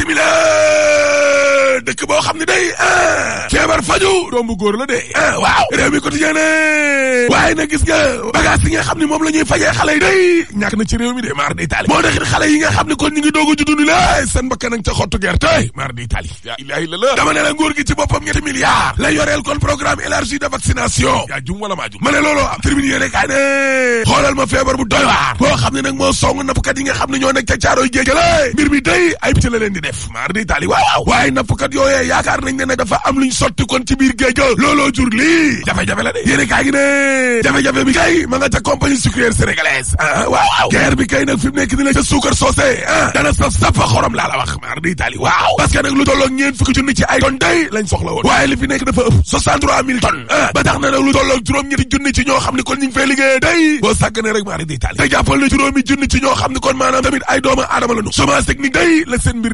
simila dëkk boo xam ne day eh, feebar faju doom bu góor la de eh, waaw réew mi quotidien ne waaye na gis nga bagage yi nga xam ne moom la ñuy fajee xale yi day na ci réew mi de maar day taali moo yi nga xam ne ko ñu ngi doog a juddu ni la seen bakkan ak ca xottu gerte maar day taali yaa ilaahi la la dama ne la nguur gi ci boppam ñetti milliards la yoreel kon programme élargi de vaccination yaa jum wala maa jum ma ne looloo am tribune yéene kaay ne xoolal ma feebar bu doy waar boo xam ne nag moo song nappkat yi nga xam ne ñoo nekk ca caarooy géej la mbir mi day ay picc di def maar yooyee yaakaar nañ ne ne dafa am luñ sotti kon ci biir géej ga looloo jur lii jafe-jafe la de yéene kaa gi ne jafe-jafe bi kay ma nga ca compagnie sucrière sénégalaise ah, ah waaw guerre bi kay nag fi mu nekk ni la ah dana saf safa xorom laa la wax mar di tali waaw parce que nag lu tolloog ñeen fukki junni ci ay tonne day lañ soxla woon waaye li fi nekk dafa ëpp 63000 tonnes ah ne kon junni ci ñoo ne kon maanaam tamit ay doomu aadama la nu semence technique day la seen mbir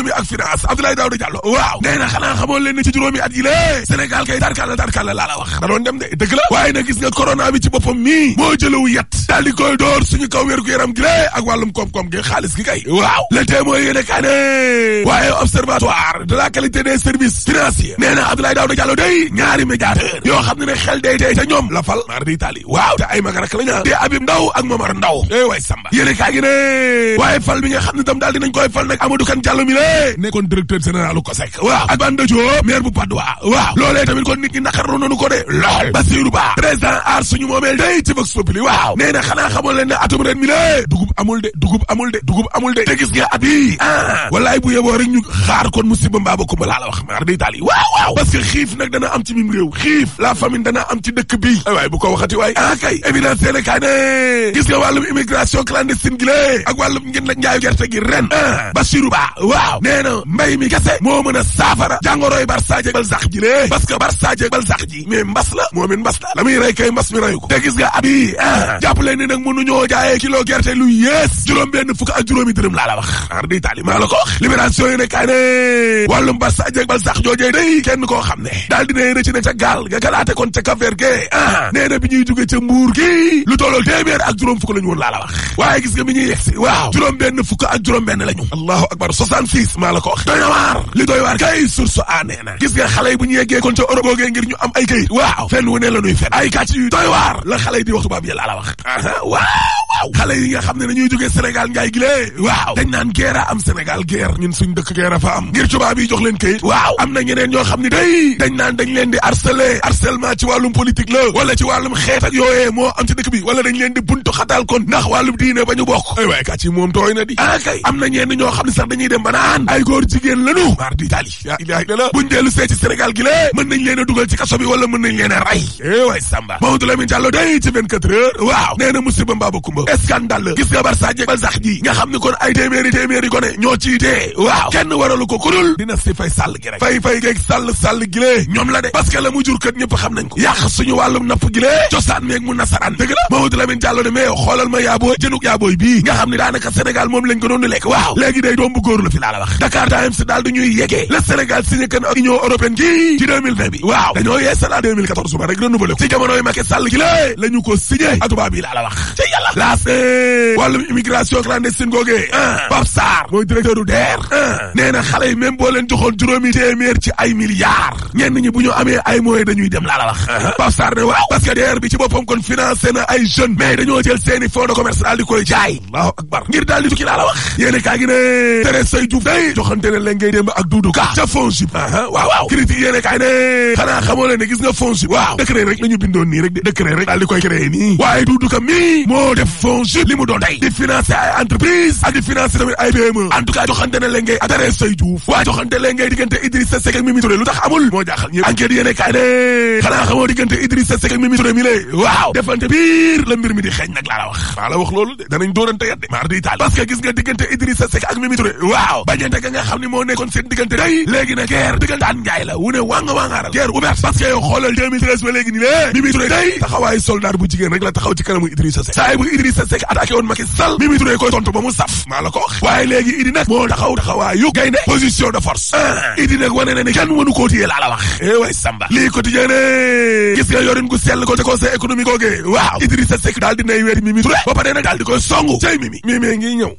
économie ak finance Abdoulaye Daouda Diallo waaw nee na xanaa xamoon leen ne ci juróomi at yi lée Sénégal kay tarkalla tarkalla laa la wax da doon dem de dëgg la waaye nag gis nga corona bi ci boppam mii moo jëlawu yet daal di koy door suñu kaw wér-gu-yaram gi lée ak wàllum koom-koom gi xaalis gi kay waaw le témoin yéene kaa ne waaye observatoire de la qualité des services financiers nee na Abdoulaye Daouda Diallo day ñaari médiateur yoo xam ne ne xel day tey te la fal mar di tali waaw te ay magarak loolee nekkoon directeur général ko sek waaw ak Banda Diop bu Patte d'Oie waaw loolee tamit kon nit ñi naqarlu nañu ko de lool Bassirou Ba président aar suñu moomeel day ci Vox Populi waaw nee na xanaa xamoon leen atum ren mi la dugub amul de dugub amul de dugub amul de te gis nga at ah walaay bu yeboo rek ñu xaar kon musiba mbaa ba kumba laa la wax maar day taal yi waaw waaw parce que nag dana am ci mim réew xiif la famine dana am ci dëkk bi ay waay bu ko waxati waay ah kay gi la ak wàllum ngeen la waaw nee mbay mi kese moo mën a saafara jàngoroy barsaje bal sax ji lee parce que barsaje bal sax ji mais mbas la moo min mbas la la muy kay mbas mi reyu te gis nga ab yi ah, ah. ni nag mënuñoo jaayee kilo gerte lu yées juróom benn fukk ak juróomi dërëm laa la wax ar di taali maa sax joojee day kenn koo xam ne daal dinay rëcc ne ca gaal nga galaate kon ca Cap-Vert ge ah nee na bi ñuy juróom fukk la ñu la wax waaye gis la ñu allahu akbar 66 tiis maa la ko wax doy na waar li doy waar kay source a nee na gis nga xale yi bu ñu yeggee kon ca Europe googee ngir ñu am ay kayit waaw fenn wu ne la nuy fen ay dañ naan guerre am Sénégal guerre ñun suñ dëkk guerre fa am ngir tubaab yi jox leen kayit waaw am na ñeneen ñoo xam ne day dañ naan dañ leen di harceler harcèlement ci wàllum politique la wala ci wàllum xeet ak moo am ci dëkk bi wala dañ leen di buntu xataal kon ndax wàllum diine ba ñu ay waaye kàcc moom tooy na di ah kay am na ñenn ñoo xam ne sax dañuy dem ba naan ay góor jigéen lanu mar di tali yaa ilaahi la buñ dellu see ci Sénégal gi mën nañ leen dugal ci kaso bi wala mën nañ leen rey eh waay Samba Mamadou Lamine Diallo day ci 24 heures waaw nee na musiba mbaaba kumba scandale gis nga Barça ji nga xam ni kon ay téeméeri téeméeri gone ñoo ciy dee kenn waralu ko kurul dina si fay sàll gi rek fay fay geeg sàll sàll gi lée ñoom la de parce la mu jur kat ñëpp xam nañ ko yàq suñu wàllum napp gi lée cosaan meeg mu nasaraan dëgg la laa wax Dakar Times daal du ñuy yegee le Sénégal signé kan union européenne gi ci 2020 bi waaw dañoo yee salaat 2014 ba rek renouvelé ko ci jamonoy Macky Sall gi lée la ñu ko signé atubaab yi laa la wax ci yàlla laas wàllum immigration clandestine googee a Pape Sarr mooy directeur du DER nee xale yi joxoon juróomi téeméer ci ay milliards ñenn ñi bu ñu amee ay moyens dañuy dem laa la wax uh-huh. Pape ne waaw parce que DER bi ci boppam kon financé day joxante ne leen ngay démb ak Doudou Ka ca FONGIP waaw waaw nii rek di décret rek daal di koy créé nii di financer ay entreprise ak di financer tamit e. biir la mbir mi di nag la wax maa la wax loolu de danañ dóorante yat de maar di taal parce gis nga diggante Idrissa Seck ak Mimi Touré waaw xajante ga nga xam moo nekkoon seen diggante day léegi na guerre diggantaan ngaay la wu ne wànga wàngaaral guerre ouverte parce que yow xoolal 2013 ko wax waaye léegi Idi nag moo taxaw taxawaayu gaynde ah. eh eh gis nga yorin gu sell ko te conseil économique googee waaw Idrissa Seck daal dinay weeti Mimi Touré ba pare nag daal di koy songu cay Mimi Mimi ngi ñëw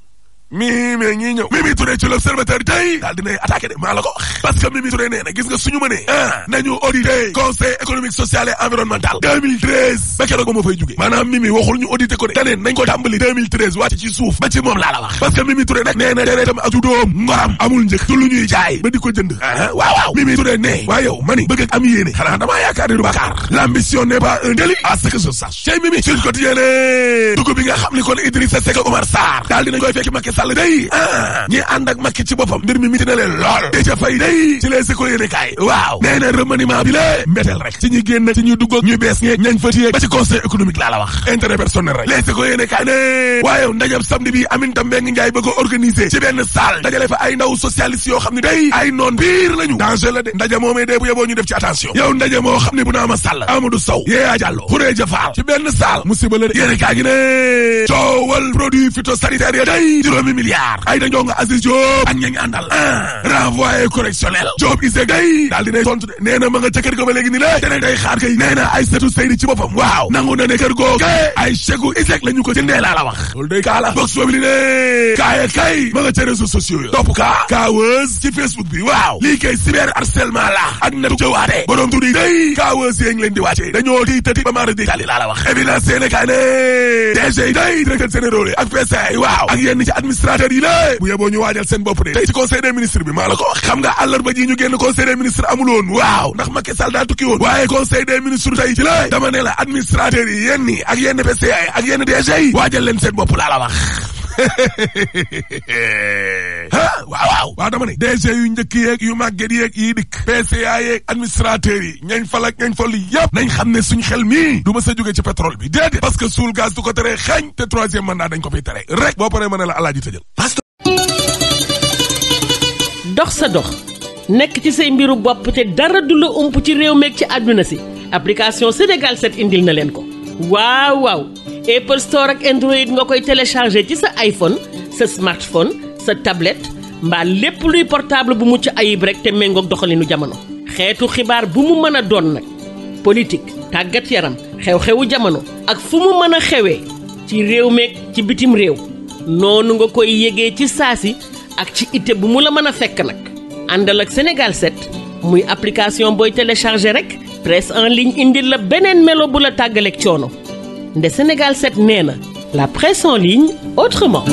mi mi ngi ñëw Mimi Touré ci l'observateur tey daal dinay attaqué de maa la parce que Mimi Touré nee na gis nga suñu mënee ah nañu audité conseil économique social et environnemental 2013 ba keroog ma fay jóge maanaam Mimi waxul ñu audité ko de daneen nañ ko tàmbali 2013 wàcc ci suuf ba ci moom laa wax parce que Mimi Touré nag nee na deretam ak judóom ngoram amul njëkk du ñuy jaay ba di jënd ah waaw waaw Mimi Touré ne waa yow ma ni bëgg am Sall day ah ñi ànd ak Macky ci boppam mbir mi miti na leen lool Déthié Faye day ci les écoles yéene waaw nee na remaniement bi lée mbéteel rek ci ñuy génn ci ñuy dugg ak bees ñeeg ñañ fa ba ci conseil économique laa la wax intérêt personnel rek les écoles yéene kaay ne waaye ndajab samedi bi Aminata Mbengue Ndiaye bëgg a ci benn salle dajale fa ay ndaw socialiste yoo xam ne day ay noon biir lañu danger la de ndaje moomee dee bu yeboo ñu def ci attention ay da njonga Aziz Diop ak ña ngi àndal ah. renvoyé correctionnel Diop Iseg day daal di ne tontu de nee na ma nga ca kër ga ba léegi ni la te nag day xaar kay nee na ay setu Seydi ci boppam waaw nangu na ne kër goo kay ay chegu Iseg la ñu ko jëndee laa la wax loolu day kaa la box boobu li ne kaaya kay ma nga ca réseaux sociaux yo topp kaa kaaweuse ci Facebook bi waaw lii kay cyber harcèlement la ak natu jëwaate borom tuddi day kaaweuse yéengi leen di wàcce dañoo magistrature yi lée bu yeboo ñu waajal seen bopp de tey ci conseil des ministres bi maa la ko wax xam nga àllarba ji ñu génn conseil des ministres amul woon waaw ndax Macky Sall daa tukki woon waaye conseil des ministres tey ci lée dama ne la administrateur yi yenn ak yenn PCA yi ak yenn DG yi waajal leen seen bopp laa la wax ah waaw waaw waaw dama ne DG yu njëkk yeeg yu màgget yeeg yi dikk PCA yeeg administrateur yi ñañ fal ak ñañ fal yëpp nañ xam ne suñ xel mii du ma sa jóge ci pétrole bi déedéet parce que suul gaz du ko teree xañ te troisième mandat dañ ko fiy tere rek boo paree ma ne la alaaji tëjal dox sa dox nekk ci say mbiru bopp te dara du la ump ci réew meeg ci àdduna si application Sénégal 7 indil na leen ko waaw waaw Apple Store ak Android nga koy télécharger ci sa iPhone sa smartphone sa tablette mbaa lépp luy portable bu mucc ayib rek te méngoog doxalinu jamono. xeetu xibaar bu mu mën a doon nag politique tàggat yaram xew-xewu jamono ak fu mu mën a xewee ci réew meeg ci bitim réew noonu nga koy yégee ci saasi ak ci ite bu mu la mën a fekk nag àndal ak Sénégal set muy application booy télécharger rek presse en ligne indil la beneen melo bu la tàggaleeg coono. nde Sénégal 7 nee na la presse en ligne autrement